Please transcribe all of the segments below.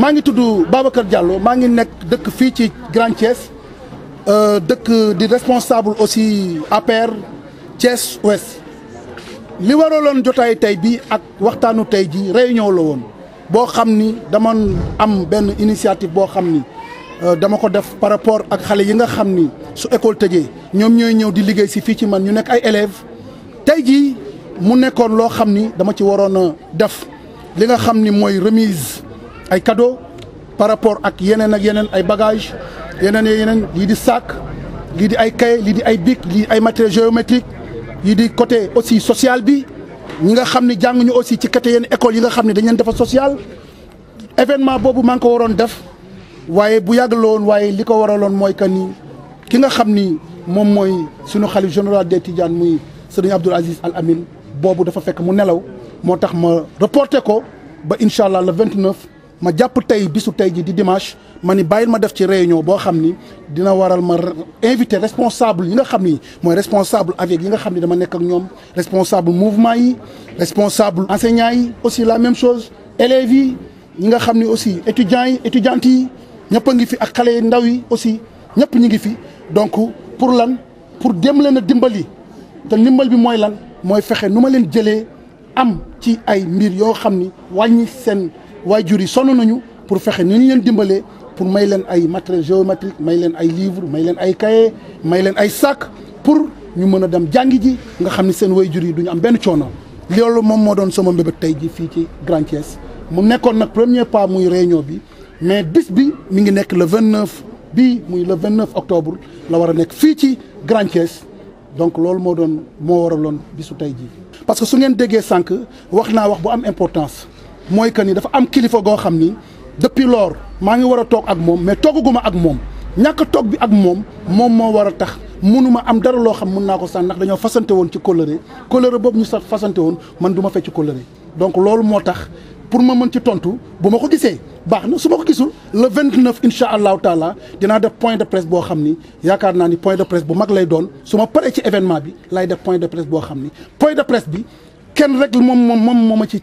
maa ngi tudd Babacar Diallo maa ngi nekk dëkk ci Grand Thiès deuk di responsable aussi aper Thiès Ouest li warolon jotay tay bi ak waxtanu tay ji réunion la won bo xamni dama am ben initiative bo xamni euh dama ko def par rapport ak xalé yi nga xamni su école tëjee ñom ñoy ñew di liggéey si fi ci man ñu nek ay élève tay ji mu nekkoon lo xamni dama ci warona def li nga xamni moy remise ay cadeau par rapport ak yeneen ak yeneen ay bagages yeneen yeneen lii di sac lii di ay cahier lii di ay bic lii ay matériel géométrique lii di côté aussi social bi ñi nga xam ne jànguñu aussi ci côté yenn école yi nga xam ne dañ leen defar social événement boobu maa ngi ko waroon def waaye bu yàgg la woon waaye li ko waraloon mooy que ni ki nga xam ni moom mooy sunu xali général des Tidianes muy sëriñ Abdoul Aziz Al Amin boobu dafa fekk mu nelaw moo tax ma reporté ko ba incha allah le 29 ma japp tay bisu tay ji di dimanche mani bayil ma def ci réunion bo xamni dina waral ma invité responsable yi nga xamni moy responsable avec yi nga xamni dama nek ak ñom responsable mouvement yi responsable enseignants yi aussi la même chose élèves yi ñi nga xamni aussi étudiants yi étudiantes yi a ngi fi ak xalé ndaw yi aussi ñepp ñi ngi fi donc pour lan pour dem leen dimbali te limbal bi moy lan moy fexé numa leen am ci ay mbir yo xamni wañi sen waajur yi sonn nañu pour fexe ni ñu leen dimbalee pour may leen ay matériel géométrique may leen ay livre may leen ay cahier may leen ay sac pour ñu mën a dem jàngi ji nga xam ni seen waajur du ñu am benn coono. loolu moom moo doon sama mbébét tey ji fii ci Grand mu nekkoon nag premier pas muy réunion bi mais bis bi mi ngi nekk le 29 bii muy le 29 octobre la war a nekk fii ci Grand donc loolu moo doon moo waraloon bisu tey ji parce que su ngeen déggee sànq wax naa wax bu am importance. moy que ni dafa am kilifa go xamni ni depuis lors ma ngi wara tok ak mom mais tokuguma ak mom ñàkk tok bi ak mom mom mo wara a tax mënuma am dara lo xam mun naa ko sànn ndax dañu fassante won ci colère colère boobu ñu sax fassante won man duma fecc colère donc loolu motax pour ma mën ci tontu bu ma ko gissé baxna na ko gisul le 29 incha taala dina def point de presse bo xamni ni yaakaar ni point de presse bu mag lay doon suma ma ci événement bi lay def point de presse bo xamni ni point de presse bi ken rek mom mom mom ci.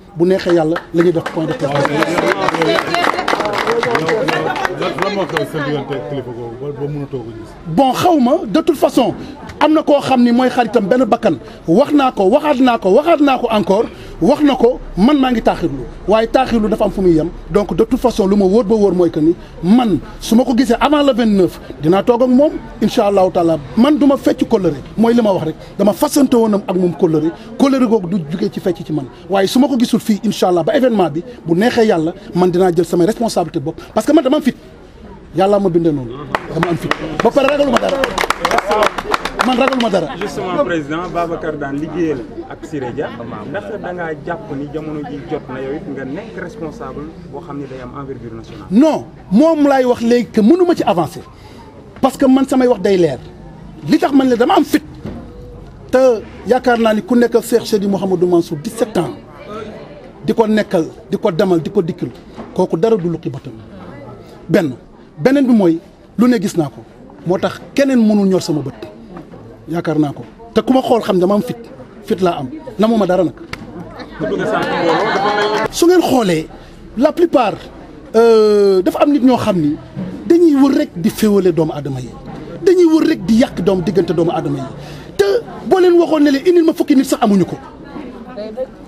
bu nexé yalla lañu def point de presse. bon xawma de toute façon amna ko xamni moy xaritam ben bakkan wax naa ko waxaat ko waxaat ko encore wax na man mangi ngi taaxirlu waaye taaxirlu dafa am fu yam donc de toute façon luma ma ba wóor moy que ni man su ma ko avant le 29 dina toog ak mom inshallah taala man duma fecc kóllëre moy li wax rek dama fasante woon ak mom kóllëre kóllëre gog du jugee ci fecc ci man waye su ma ko gisul fii incha ba événement bi bu nexé yalla man dina jël sama responsabilité bopp parce que man dama fit yalla ma bindé non dama am fit ba pare ragalu ma dara man ragaluma dara. justement président Babacar dan ak ndax da ni yow nga responsable day am envergure nationale. non mom lay wax que avancer parce que man samay wax day lèr li tax man la dama am fit te ni ku nek Cheikh chedi Mansour 17 ans diko nekkal diko damal diko dara bi lu ne gis nako yaakaar naa ko te ku ma xool xam dama am fit fit laa am namu ma dara nag. su ngeen xoolee la plupart euh, dafa am nit ñoo xam ni dañuy wër rek di féewale doomu adama yi dañuy wër rek di yàq doom diggante doomu adama yi te boo leen waxoon ne leen ma fukki nit sax amuñu ko.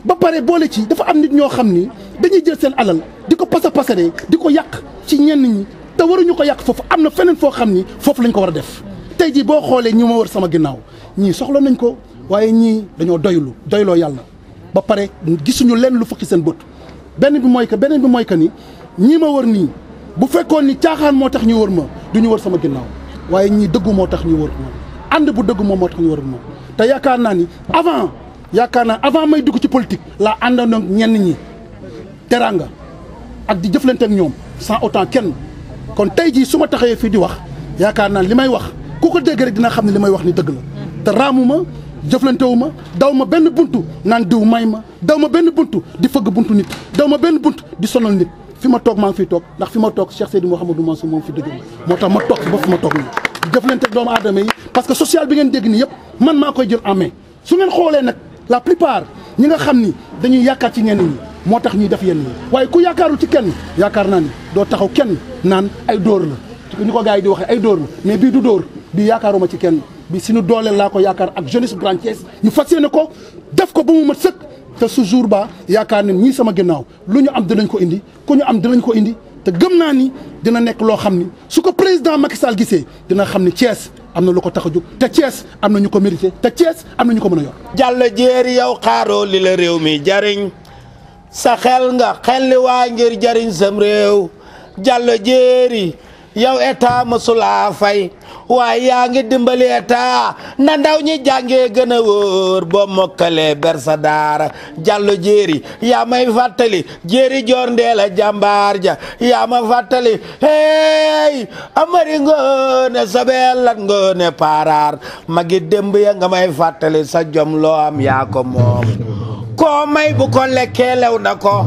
ba pare boole ci dafa am nit ñoo xam ni dañuy jël seen alal di ko pasa pasaree di ko yàq ci ñenn ñi te waruñu ko yàq foofu am na feneen foo xam ni foofu lañ ko war a def. tey jii boo xoolee ñi ma wër sama ginnaaw ñii soxla nañ ko waaye ñii dañoo doylu doyloo yàlla ba pare gisuñu lenn lu fukki seen bët benn bi mooy que beneen bi mooy que ni ñii ma wër nii bu fekkoon ni caaxaan moo tax ñu wër ma du ñu wër sama ginnaaw waaye ñii dëggu moo tax ñu wër ma ànd bu dëggu moom moo tax ñu wër ma te yaakaar naa ni avant yaakaar naa avant may dugg ci politique laa àndandoo ñenn ñi teraanga ak di jëflante ak ñoom sans autant kenn kon tey jii su ma taxawee fii di wax yaakaar naa li may wax. ko dégg rek dina xam ne li may wax ni dëgg la te raamuma jëflantewu ma daw ma benn buntu naan diw may ma daw ma benn buntu di fëgg buntu nit daw ma benn bunt di sonal nit fi ma toog maa ngi fiy toog ndax fi ma toog Cheikh Seydou Mouhamadou Mansour moom fi dëggal moo tax ma toog fi ba fi ma toog nii jëflante doomu aadama yi parce que social bi ngeen dégg nii yëpp man maa koy jël en su ngeen xoolee nag la plupart ñi nga xam ni dañuy yaakaar ci ñenn ñi moo tax ñuy def yenn ñi waaye ku yaakaarul ci kenn yaakaar naa ni doo taxaw kenn naan ay dóor la ni ko gars yi di waxee ay dóor la bii du dóor bi yaakaaruma ci kenn bi suñu dooleel laa ko yaakaar ak jeunesse Grand Thiès ñu fas yéene ko def ko ba mu mat sëkk te su jour ba yaakaar ne ñii sama ginnaaw lu ñu am dinañ ko indi ku ñu am dinañ ko indi te gëm naa ni dina nekk loo xam ni su ko président Macky Sall gisee dina xam ni Thiès am na lu ko tax a jóg te Thiès am na ñu ko mérité am na ñu ko mën a yor. jàll jéeri yow xaaroo li la réew mi jariñ sa xel nga xel li waa ngir jariñ sam réew jàll jéeri yow état fay. waaye yaa ngi dimbali état na ndaw ñi jàngee gën a wóor boo mokkalee ber sa daara jàllu jéeri yaa may fàttali jéeri joor ndee la jàmbaar ja yaa ma fàttali hey amari ngoone sabeelat ngoone paaraar magi démb ya nga may fàttali sa jom loo yaa ko moom ko may bu ko lekkee lew na ko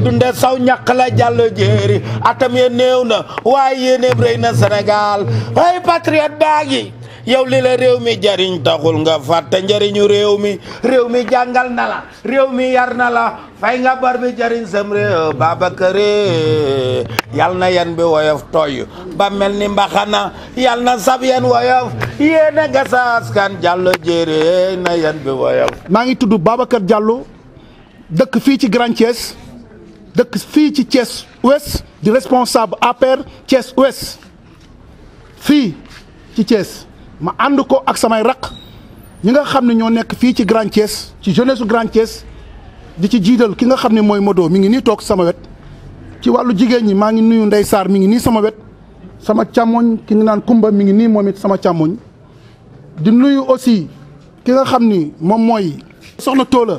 dunde saw ñàq la jàllo jéeri atam ye néew way waaye yéeneem rëy na Sénégal ay patriote baa yow li la réew mi jariñ taxul nga fàtte jariñu rew mi rew mi jangal na la mi yar na la fay nga bar bi jariñ sam rew Babakare yal na yan bi woyof toy ba melni mbaxana yal na sab yan woyof yéena nga sa kan jallo Diallo na yan bi woyof ma ngi tuddu babakar jallo dëkk fi ci Grand Thiès dëkk fi ci Thiès Ouest di responsable APR Thiès Ouest fi ci Thiès ma and ko ak samay rak ñi nga xamni ño ñoo nekk ci Grand Thiès ci jeunesse Grand Thiès di ci jidal ki nga xamni moy Modo mi ngi ni tok sama wet ci walu jigeen ñi ma ngi nuyu Ndey Saar mi ngi ni sama wet sama chamoñ ki ngi nan Kumba mi ngi ni momit sama chamoñ di nuyu aussi ki nga xamni mom moy soxna tola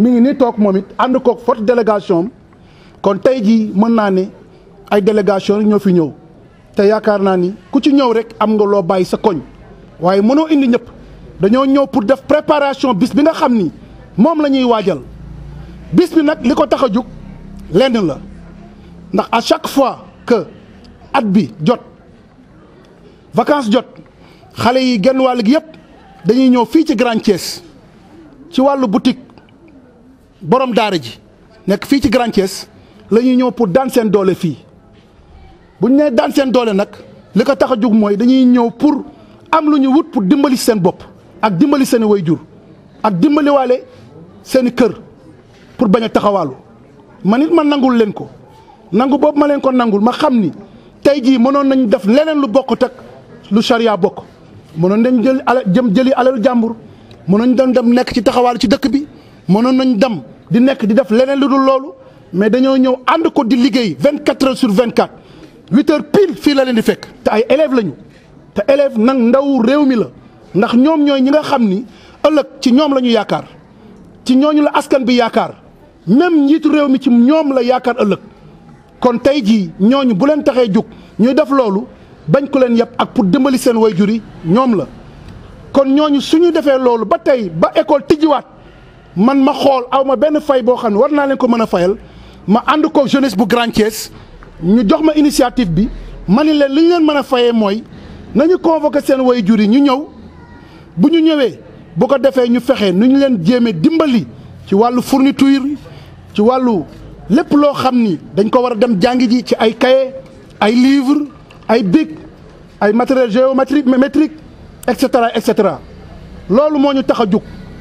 mi ngi ni toog moom it ànd koog forte délégation am kon tey jii mën naa ne ay délégation ñëw fi ñëw te yaakaar naa ni ku ci ñëw rek am nga loo bàyyi sa koñ waaye mënoo indi ñëpp dañoo ñëw pour def préparation bis bi nga xam ni moom la ñuy waajal bis bi nag li ko tax a jug lenn la ndax à chaque fois que at bi jot vacances jot xale yi genn wàll gi yëpp dañuy ñëw fii ci Grand Thiès ci wàllu boutique. borom daara ji nek fi ci Grand Thiès la ñëw pour daan sen doole fi bu né nee sen doole nak li ko tax a dañuy ñëw pour am luñu wut pour dimbali sen bop ak dimbali sen wayjur ak dimbali walé sen kër pour baña taxawalu manit man nangul leen ko nangu bop ma leen ko nangul ma xamni tay monon mënon nañ def leneen lu bokku tak lu sharia bokku mënon nañ jël jëm jëli alal jambur mënon dañ dem nek ci taxawal ci dëkk bi mënoon nañu dem di nekk di def leneen lu du loolu mais dañoo ñëw ànd ko di liggéey vingt quatre heures sur vingt quatre huit heures pile fii la leen di fekk te ay élèves lañu te élèves nag ndaw réew mi la ndax ñoom ñooy ñi nga xam ni ëllëg ci ñoom la ñu yaakaar ci ñooñu la askan bi yaakaar même njiitu réew mi ci ñoom la yaakaar ëllëg kon tey jii ñooñu bu leen taxee jóg ñuy def loolu bañ ko leen yàpp ak pour dimbali seen way juri ñoom la kon ñooñu su suñu defee loolu ba tey ba école tijjiwaat man ma xool aw ma benn fay boo xam ne war naa leen ko mën a fayal ma ànd ko jeunesse bu Grand ñu jox ma initiative bi ma ni leen li ñu leen mën a fayee mooy nañu convoqué seen way jur yi ñu ñëw bu ñu ñëwee bu ko defee ñu fexe nu ñu leen jéemee dimbali ci wàllu fourniture ci wàllu lépp loo xam ni dañ ko war a dem jàngi ji ci ay cahier ay livre ay bic ay matériel géométrique métrique et cetera et cetera loolu moo ñu tax a jug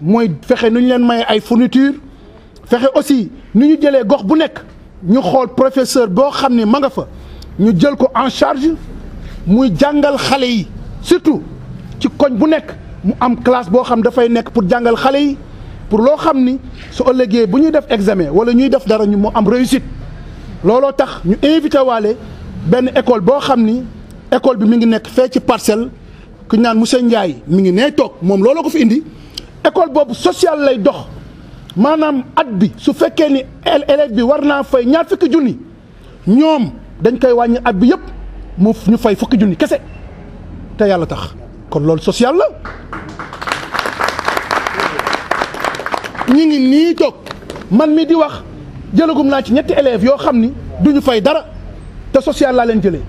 mooy fexe nu ñu leen maye ay fourniture fexe aussi nu ñu jëlee gox bu nekk ñu xool professeur boo xam ne ma nga fa ñu jël ko en charge muy jàngal xale yi surtout ci koñ bu nekk mu am classe boo xam dafay nekk pour jàngal xale yi pour loo xam ni su ëllëgee bu ñuy def examen wala ñuy def dara mu am réussite looloo tax ñu invité waale benn école boo xam ni école bi mu ngi nekk fee ci parcelle ku ñaan monsieur Ndiaye mi ngi nee toog moom looloo ko fi indi école boobu sociale lay dox maanaam at bi su fekkee ni élève bi war naa fay ñaar fukki junni ñoom dañ koy wàññi at bi yëpp mu ñu fay fukki junni kese te yàlla tax kon loolu social la ñi ngi nii toog man mi di wax jëlagum naa ci ñetti élèves yoo xam ni duñu fay dara te social laa leen jëlee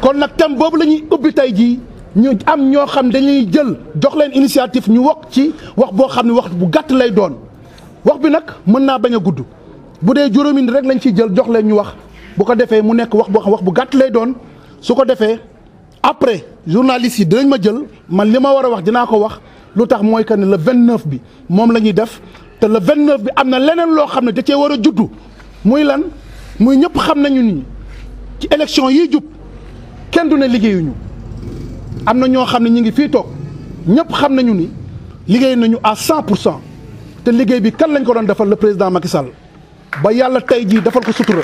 kon nag tam boobu lañuy ñuy ubbi tey jii ñu am ñoo xam dañuy jël jox leen initiative ñu wax ci wax boo xam ne wax bu gàtt lay doon wax bi nag mën naa bañ a gudd bu dee juróomi rek lañ ci jël jox leen ñu wax bu ko defee mu nekk wax boo xam wax bu gàtt lay doon su ko defee après journalistes yi dinañ ma jël man li ma war a wax dinaa ko wax lu tax mooy que ne le 29 bi moom la ñuy def te le 29 bi am na leneen loo xam ne da cee war a juddu muy lan muy ñëpp xam nañu ni ci élection yi jub kenn du ne liggéeyuñu am na ñoo xam ne ñu ngi fii toog ñëpp xam nañu ni liggéey nañu à cent pour cent te liggéey bi kan lañ ko doon defal le président Macky Sall ba yàlla tey jii defal ko sutura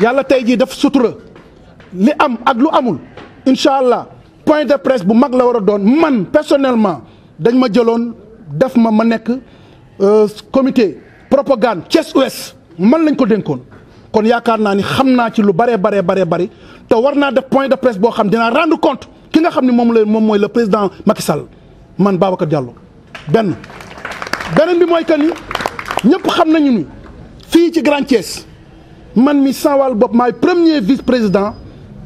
yàlla tey jii def sutura li am ak lu amul incha allah point de presse bu mag la war a doon man personnellement dañ ma jëloon def ma ma nekk euh, comité propagande Thiès Ouest man lañ ko dénkoon. kon yaakaar naa ni xam naa ci lu baree baree baree bari te war naa def point de presse boo xam dinaa rendre compte ki nga xam ni moom la moom mooy le président Macky Sall man Babacar Diallo benn. beneen bi mooy que ni ñëpp xam nañu ni fii ci Grand Thiès man mi saa wàllu bopp maay premier vice président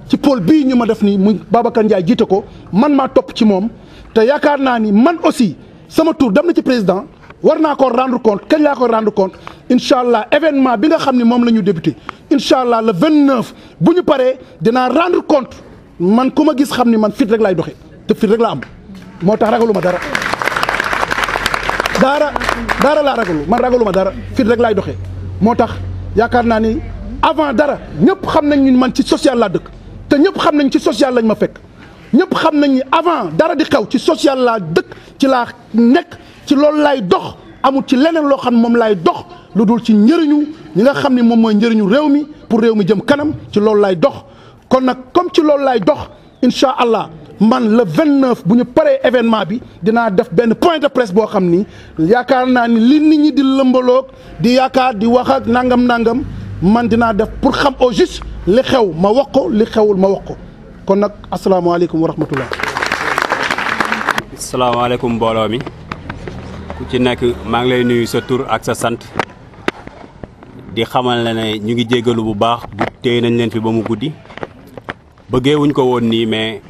ci pôle bii ñu ma def nii mu Babacar Ndiaye jiite ko man maa topp ci moom te yaakaar naa ni man aussi sama tour dem na ci président. war ko rendre compte kañ la ko rendre compte inshallah événement bi nga xamni mom lañu la ñu débuté le 29 buñu paré dina rendre compte man kuma ma gis xam man fit rek lay doxé te fit rek la am motax tax ragaluma dara. dara daara laa ragalu man ragaluma dara fit rek lay doxé motax yakarna ni avant dara ñëpp xamnañ nañ ni man ci social la dëkk te ñëpp xamnañ ci social lañ ma fekk ñëpp xamnañ ni avant dara di xew ci social la dëkk ci la nekk. ci loolu laay dox amul ci leneen loo xam ne moom laay dox lu dul ci njëriñu ñi nga xam ne moom mooy njëriñu réew mi pour réew mi jëm kanam ci loolu laay dox kon nag comme ci loolu laay dox incha allah man le 29 bu ñu paree événement bi dinaa def benn point de presse boo xam ni yaakaar naa ni li nit ñi di lëmbaloog di yaakaar di wax ak nangam nangam man dinaa def pour xam au juste li xew ma wax li xewul ma wax ko kon nag asalaamaaleykum wa rahmatullah. asalaamaaleykum mbooloo mi. ku ci nek ma ngi lay nuyu sa tur ak sa sant di xamal la ne ñu ngi jéggelu bu baax bu téye nañ leen fi ba mu guddi bëggé wuñ ko woon ni mais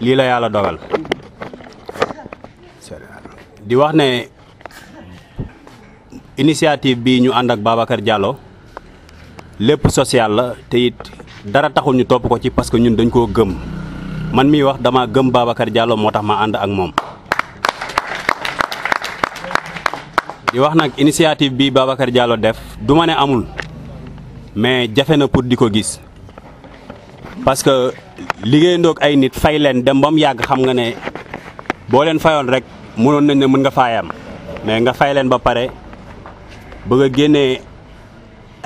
li la yalla dogal di wax ne initiative bi ñu and ak babakar Diallo lepp social la te it dara taxul ñu top ko ci parce que ñun dañ ko gëm man mi wax dama gëm babakar Diallo motax ma and ak mom di wax nak initiative bi Babacar Diallo def du ne amul mais jafé na pour di kogis, gis parce que ndok ay nit fay len dem bam yag xam nga ne bo len fayon rek mënon nañ ne mën nga fayam mais nga fay len ba paré bëgg a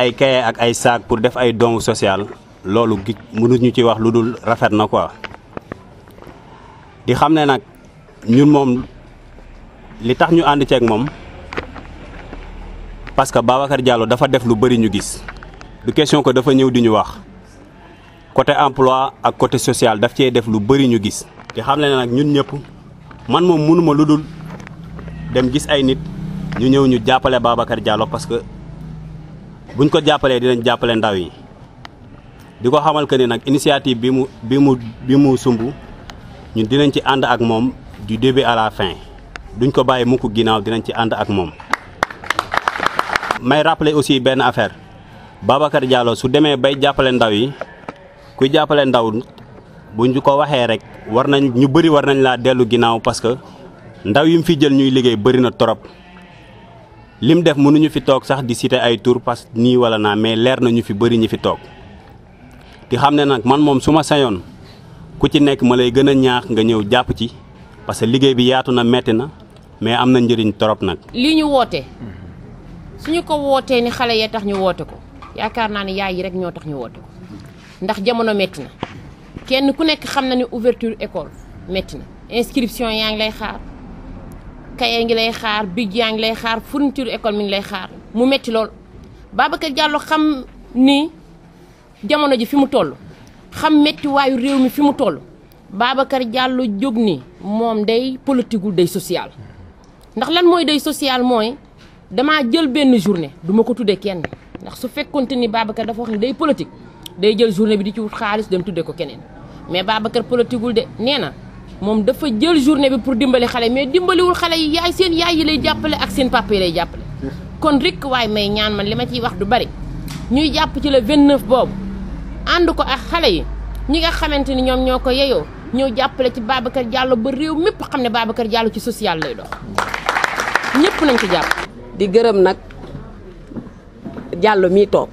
ay kaye ak ay sac pour def ay dong social lolu mënut ñu ci wax luddul rafet na quoi di xamné nak ñun mom li tax ñu ci ak mom parce que Babacar Diallo dafa def lu bëri ñu gis du question que dafa ñëw di ñu wax côté emploi ak côté social daf cee def lu bëri ñu gis. te xam ne nag ñun ñëpp man moom mënuma lu dul dem gis ay nit ñu ñëw ñu jàppale Babacar Diallo parce que buñ ko jàppalee dinañ jàppale ndaw yi di ko xamal que ni nag initiative bi mu bi mu bi mu sumb ñun dinañ ci ànd ak moom du début à la fin duñ ko bàyyi mukk ginnaaw dinañ ci ànd ak moom. may rappeler aussi benn affaire Babacar Diallo su demee bay jàppale ndaw yi kuy jàppale ndaw bu ñu ko waxee rek war nañ ñu bëri war nañ laa dellu ginnaaw parce que ndaw yi mu fi jël ñuy liggéey bari na trop mu def mënuñu fi toog sax di citer ay tour parce que nii wala naa mais leer na ñu fi bëri ñu fi toog di xam ne nag man moom su ma sañoon ku ci nekk ma lay gën a ñaax nga ñëw jàpp ci parce que liggéey bi yaatu na metti na mais am na njëriñ trop nag. li woote. suñu ko wootee ni xale yee tax ñu woote ko yaakaar naa ni yaay yi rek ñoo tax ñu woote ko ndax jamono métti na kenn ku nekk xam na ni ouverture école métti na inscription yaa ngi lay xaar kaye ngi lay xaar big yaa ngi lay xaar fourniture école mi ngi lay xaar mu métti lool Babacar Diallo xam ni jamono ji fi mu toll xam métti waayu réew mi fi mu toll Babacar jàll jóg ni moom day politigul day social ndax lan mooy day social mooy dama jël ben journée duma ko tuddee kenn ndax su fekkonte ni Babacar dafa wax ni day politique day jël journée bi di ci wut xaalis dem tuddé ko keneen mais Babacar politiqueul dé néna mom dafa jël journée bi pour dimbali xalé mais dimbaliwul xale yi yaay seen yaay yi lay jappalé ak seen papa yi lay jappalé kon rek way may ñaan man lima ci wax du bari ñuy japp ci le 29 bob and ko ak xalé yi ñi nga xamante ñom ñoko yeyo ko jappalé ci Babacar Diallo ba rew mépp xamné Babacar Diallo ci social lay dox ñepp nañ ci japp di gërëm nag jàll mii toog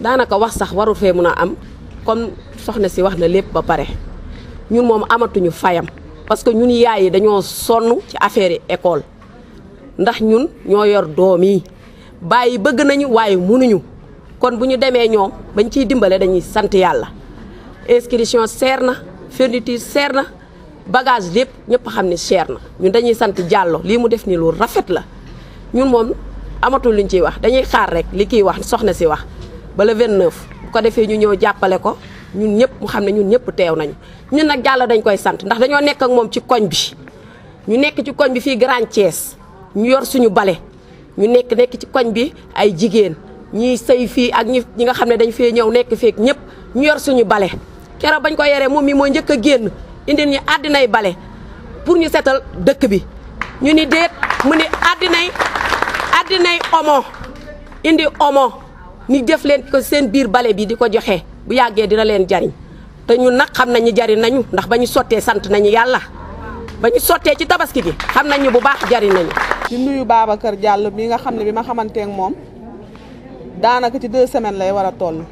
daanaka wax sax warul fee mun a am comme soxna si wax na lépp ba pare ñun moom amatuñu fayam parce que ñun yaay yi dañoo sonn ci affaire yi école ndax ñun ñoo yor doom yi bàyyi bëgg nañu waaye munuñu kon bu ñu demee ñoom bañ ciy dimbale dañuy sant yàlla inscription seer na fourniture seer na bagage lépp ñëpp xam ne seer na ñun dañuy sant jàlloo lii mu def ni lu rafet la ñun moom amatul luñ ciy wax dañuy xaar rek li kiy wax soxna si wax ba le 29 bu ko defee ñu ñëw jàppale ko ñun ñëpp mu xam ne ñun ñëpp teew nañu. ñun nag jàll dañ koy sant ndax dañoo nekk ak moom ci koñ bi ñu nekk ci koñ bi fii Grand Thiès ñu yor suñu bale ñu nekk nekk ci koñ bi ay jigéen ñiy sëy fii ak ñi ñi nga xam ne dañ fee ñëw nekk feek ñëpp ñu yor suñu bale keroog bañ ko yoree moom mii mooy njëkk a génn indi ñu àddinay bale pour ñu seetal dëkk bi dinay omo indi omo ni def len ko sen bir balé bi diko joxé bu yagge dina len jariñ té ñu nak xam nañu jariñ nañu ndax bañu soté sottee sant nañu yalla bañu soté ci tabaski gi xam nañu bu baax jariñ nañu di nuyu babakar Diallo mi nga xamné bima xamanté ak mom danaka ci 2 semaines lay wara toll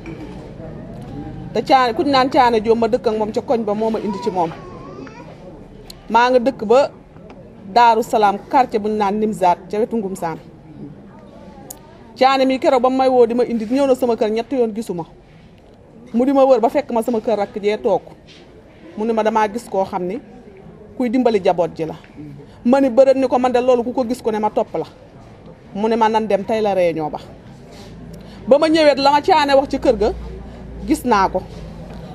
té caane ku ñaan caane joom ma dëkk ak mom ci koñ ba moma indi ci mom ma nga dëkk ba daaru quartier bu ñaan nimzat ci wetu ngum Ngumsaan caane mi keroog ba mu may woo di ma indi ñëw na sama kër ñetti yoon gisuma mu di ma wër ba fekk ma sama kër rakk jee toog mu ne ma damaa gis koo xam ni kuy dimbali jaboot ji la ma ni bërët ni ko man de loolu ku ko gis ko ne ma topp la mu ne ma nan dem tey la réunion ba ba ma ñëweet la ma caane wax ci kër ga gis naa ko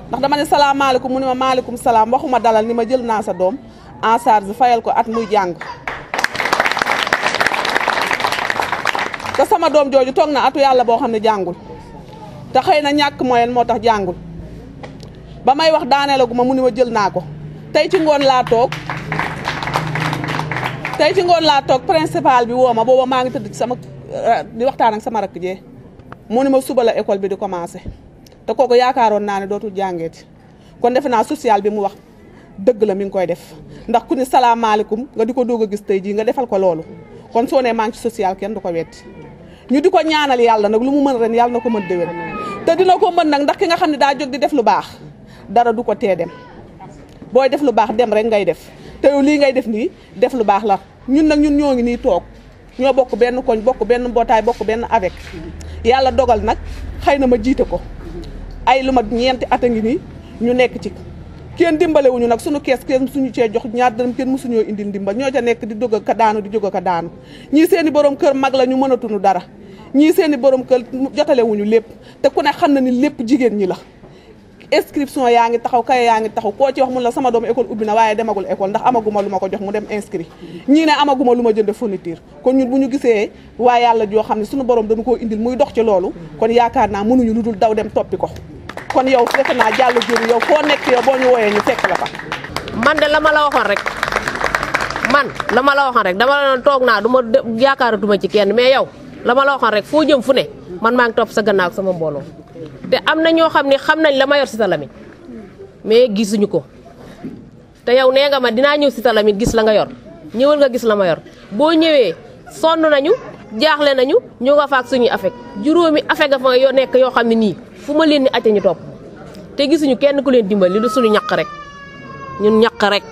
ndax dama ne salaamaaleykum mu ne ma maaleykum salaam waxuma dalal ni ma jël naa sa doom en charge fayal ko at muy jàng te sama doom jooju toog na atu yàlla boo xam ne jàngul te xëy na ñàkk moyen moo tax jàngul ba may wax gu ma mu ni ma jël naa ko tey ci ngoon laa toog tey ci ngoon laa toog principal bi woo ma booba maa ngi tëdd sama eh, di waxtaan sama rakk jee mu ma suba la école bi di commencé te kooku yaakaaroon naa ne dootul jàngeeti kon defe naa social bi mu wax dëgg la mi ngi koy def ndax ku ne salaamaaleykum nga di ko doog a gis tey jii nga defal ko loolu kon soo nee maa ngi ci social kenn du ko wetti ñu di ko ñaanal yàlla nag lu mu mën ren yàlla na ko mën déwén te dina ko mën nag ndax ki nga xam ne daa jóg di def lu baax dara du ko tee dem booy def lu baax dem rek ngay def te yow lii ngay def nii def lu baax la ñun nag ñun ñoo ngi nii toog ñoo bokk benn koñ bokk benn mbootaay bokk benn avec yàlla dogal nag xëy na ma jiite ko ay lu ma ñeenti at a ngi nii ñu nekk ci kenn dimbalewuñu nag sunu kees kenn suñu cee jox ñaar dërëm kenn mësuñoo indil ndimbal ñoo ca nekk di dugg ka daanu di jóg ka daanu ñii seeni borom kër mag la ñu mënatuñu dara ñii seen i borom kër jotalewuñu lépp te ku ne xam na ni lépp jigéen ñi la inscription yaa ngi taxaw kay yaa ngi taxaw koo ci wax mun la sama doom école ubbi na waaye demagul école ndax amaguma lu ma ko jox mu dem inscrit ñii ne amaguma lu ma jënd fourniture kon ñun bu ñu gisee waa yàlla joo xam ne suñu borom dañu koo indil muy dox ci loolu kon yaakaar naa mënuñu lu dul daw dem toppi ko kon yow defe naa jàllu jur yow foo nekk yow boo ñu wooyee ñu fekk la fa man de la ma la waxoon rek man la ma la waxoon rek dama toog naa du ma yaakaaratuma ci kenn mais yow la ma la waxoon rek foo jëm fu ne man maa ngi topp sa gannaaw sama mbooloo te am na ñoo xam ne xam nañ la ma yor si sa mais gisuñu ko te yow nee nga ma dinaa ñëw si sa gis la nga yor ñëwal nga gis la ma yor boo ñëwee sonn nañu jaaxle nañu ñu nga faak suñuy afek juróomi afek fa yoo nekk yoo xam ne nii fu ma leen ni acca ñu topp te gisuñu kenn ku leen dimbal dimbali lu suñu ñaq rek ñun ñaq rek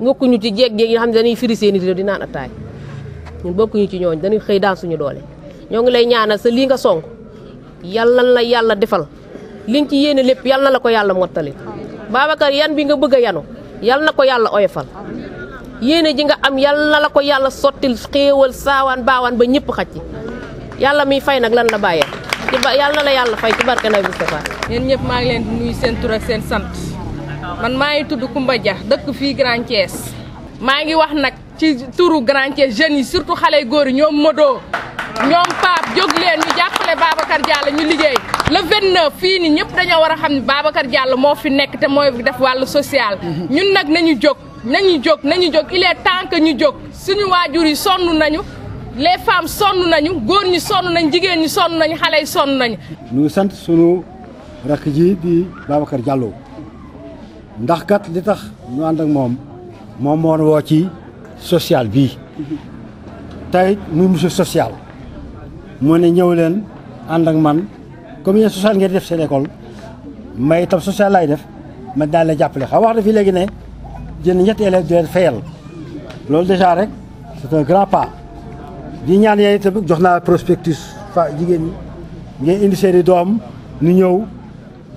ngokkuñu ci jeeg-jeeg yi xam ne dañuy firi seeni di dinaan attaay ñun bokkuñu ci ñooñ dañuy xëy daan suñu doole ñoo ngi lay ñaanal sa lii nga sonk yàlla la yàlla defal li ci yéene lépp yàlla la ko yàlla mottali Babacar yan bi nga bëgg yanu yàlla na ko yàlla oyofal yéene ji nga am yàlla la ko yàlla sottil xéewal saawaan baawaan ba ñëpp xaj yàlla miy fay nag lan la bàyyee ci yàlla la yàlla fay ci barke Nabi Moustapha. yéen ñëpp maa ngi leen di seen tur seen sant man maa ngi tudd Koumba Dia dëkk fii Grand maa ngi wax nag ci turu Grand Thiès jeunes yi surtout xale góor yi ñoom Modou ñoom Pape jóg leen ñu jàppale Babacar ñu liggéey la 29 fii ni ñëpp dañoo war a xam ne Babacar jàll moo fi nekk te mooy bi def wàllu social ñun nag nañu jóg nañu jóg nañu jóg il est que ñu jóg suñu waajur yi sonn nañu les femmes sonn nañu góor ñi sonn nañ jigéen ñi sonn nañu xale yi sonn nañu. ñu ngi sant sunu rakk ji di Babacar Diallo ndax kat li tax ñu ànd ak moom moom moo woo ci social bii tey muy monsieur social. mu ne ñëw leen ànd ak man comme yéen social ngeen def seen école may itam social laay def ma daal la jàppale xaw wax na fi léegi ne jënd ñetti élèves di leen fayal loolu déjà rek c'est un grand pas di ñaan yéen itam jox naa prospectus fa jigéen ñi ngeen indi seen doom ñu ñëw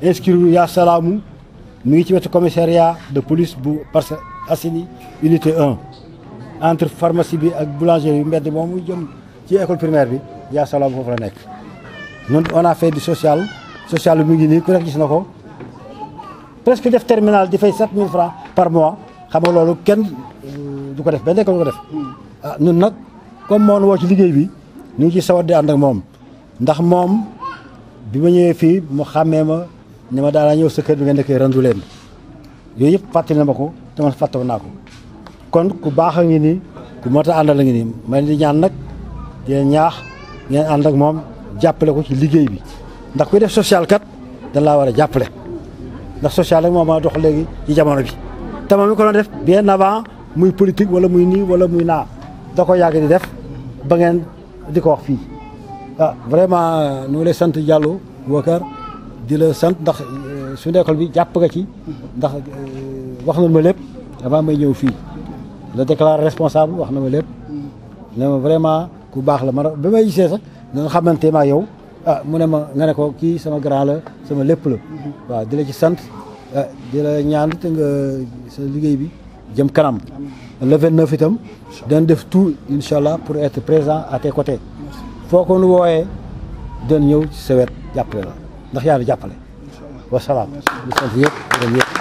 inscrire yaa salaamu mu ngi ci wetu commissariat de police bu Parcelles Assainies unité 1 entre pharmacie bi ak boulangerie bi mbedd mu jëm ci école primaire bi Ya salam fofu la nek ñun on a fait du social social mi ngi ni ku rek gis nako presque def terminal di fay 7000 francs par mois xam nga lolu ken euh, du ko def ben école ko def ñun ah, comme mon wo ci liguey bi ñu ci sawar di ànd ak mom ndax mom bima ñewé fi mu xamé ma ni ma daanaa ñew sa kër bi nga nekkee rendu len yooyu yëpp na mako ko te man ko kon ku baax nga ni ku mot andal nga ni ngi di ñaan nak di ñaax ngeen ànd ak moom jàppale ko ci liggéey bi ndax kuy def social kat dañ laa war a jàppale ndax social rek moom mën a dox léegi ci jamono bi te moom ko doon def bien avant muy politique wala muy nii wala muy naa da ko yàgg di def ba ngeen di ko wax fii ah vraiment euh, ñu ngi lay sant Diallo Boubacar di la sant ndax euh, su école bi jàpp nga ci ndax euh, wax na ma lépp avant may ñëw fii la déclaré responsable wax na ma lépp ne ma vraiment ku baax la man ba may gisee sax dana xamante ma yow ah mu ne ma nga ne ko kii sama grand la sama lépp la waaw di la ci sant ah, di la ñaan te nga sa liggéey bi jëm kanam le 29 itam dañ def tout incha allah pour être présent à tes côtés foo ko nu wooyee dañ ñëw ci sa wet jàppale la ndax yaa ngi jàppale wasalaam di sant yëpp yëpp